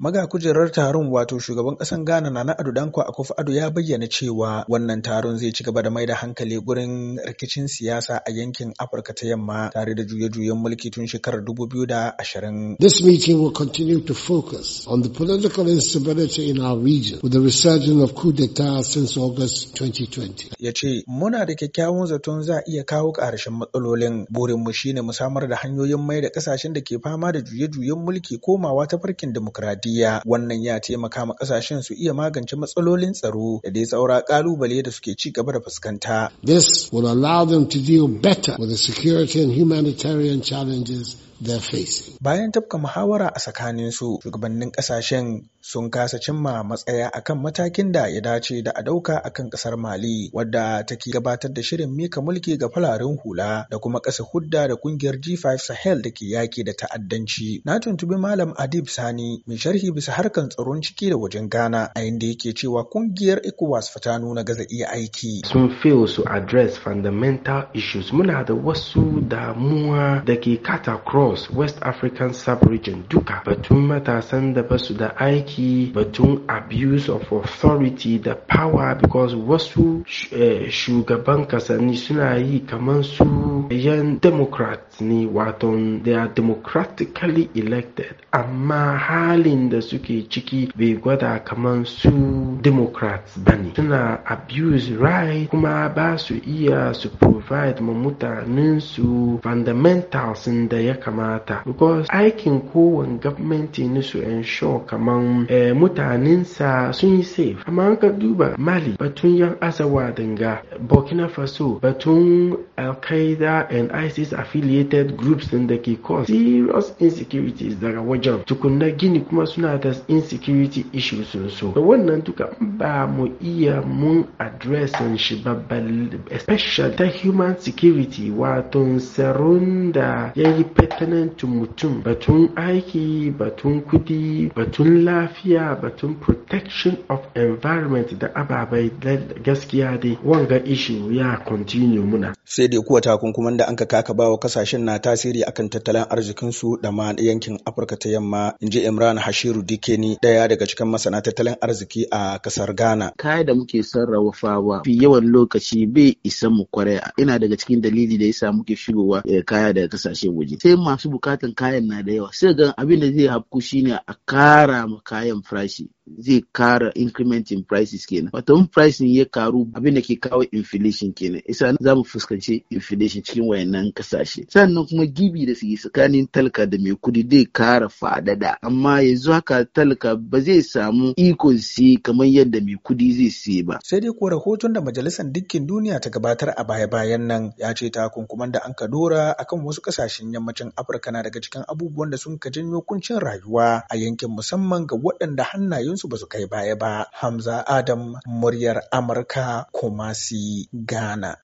Maga kujerar taron wato shugaban ƙasar Ghana na Ado Danko Akufo-Addo ya bayyana cewa wannan taron zai ci gaba da mai da hankali gurin rikicin siyasa a yankin Afirka ta Yamma tare da juye-juyen mulki tun shekarar 2020. This meeting will continue to focus on the political instability in our region with the resurgence of coup d'etat since August 2020. Ya ce, muna da kyakkyawan zaton za a iya kawo ƙarshen matsalolin burinmu shine mu samar da hanyoyin mai da ƙasashen da ke fama da juye-juyen mulki komawa ta farkin dimokuraɗiyya. lafiya wannan ya taimaka ma kasashen su iya magance matsalolin tsaro da dai saura kalubale da suke ci gaba da fuskanta. This will allow them to deal better with the security and humanitarian challenges their face. Bayan tafka muhawara a tsakanin su, shugabannin kasashen sun kasa cimma matsaya akan matakin da ya dace da a dauka akan kasar Mali wadda take gabatar da shirin mika mulki ga fararen hula da kuma kasa hudda da kungiyar G5 Sahel da ke yaki da ta'addanci. Na tuntubi Malam Adib Sani mai sharhi bisa harkan tsaron ciki da wajen Ghana a inda yake cewa kungiyar ECOWAS fata nuna gaza iya aiki. Sun fail su address fundamental issues muna da wasu damuwa da ke katakro north west african sub-region duka batun matasan da su da aiki batun abuse of authority da power because wasu eh, shugaban kasanni suna yi kamar su yan democrat ne wato they are democratically elected amma halin da suke ciki bai gwada kamar su democrats bane suna abuse right kuma ba su iya su provide ma mutanen su fundamentals da ya kamata because aikin kowane gwamnati ne su ensure kamar eh, mutanensa sun yi safe amma an ka duba mali batun yan azawa dinga burkina faso batun al-qaeda and ISIS affiliated groups din da ke cause serious insecurities daga wajen tukunna gini kuma suna da insecurity issues sun so wannan duka ba mu iya mun address shi babbal especially ta human security wato tsaron da ya yi to mutum batun aiki batun kudi batun lafiya batun protection of environment da ababai gaskiya dai wanga issue ya continue muna sai dai kuwa kuma takunkuman da ka kaka bawa kasashen na tasiri akan tattalin arzikinsu da ma yankin Afirka ta yamma in ji Imran Hashiru Dikeni daya daga cikin masana tattalin arziki a kasar Ghana. Kaya da muke fawa fi yawan lokaci bai isa mu kwarai ina daga cikin dalili da yasa muke shigowa eh, kaya daga kasashen waje. Sai masu bukatan kayan na da yawa sai ga abin da zai hafku shine a kara ma kayan farashi zai kara increment in prices kenan wato in ne ya karu abin da ke kawo inflation kenan isa za mu fuskanci inflation cikin wayannan kasashe sannan kuma gibi da suke tsakanin talaka da mai kudi zai kara fadada amma yanzu haka talaka ba zai samu iko siye kamar yadda mai kudi zai siye ba sai dai ko rahoton da majalisar dukkin duniya ta gabatar a baya-bayan nan ya ce ta kunkuman da an ka dora akan wasu kasashen yammacin afirka na daga cikin abubuwan da sun ka janyo kuncin rayuwa a yankin musamman ga waɗanda hannayen su ba su kai baya ba. Hamza Adam muryar Amurka Kumasi Ghana.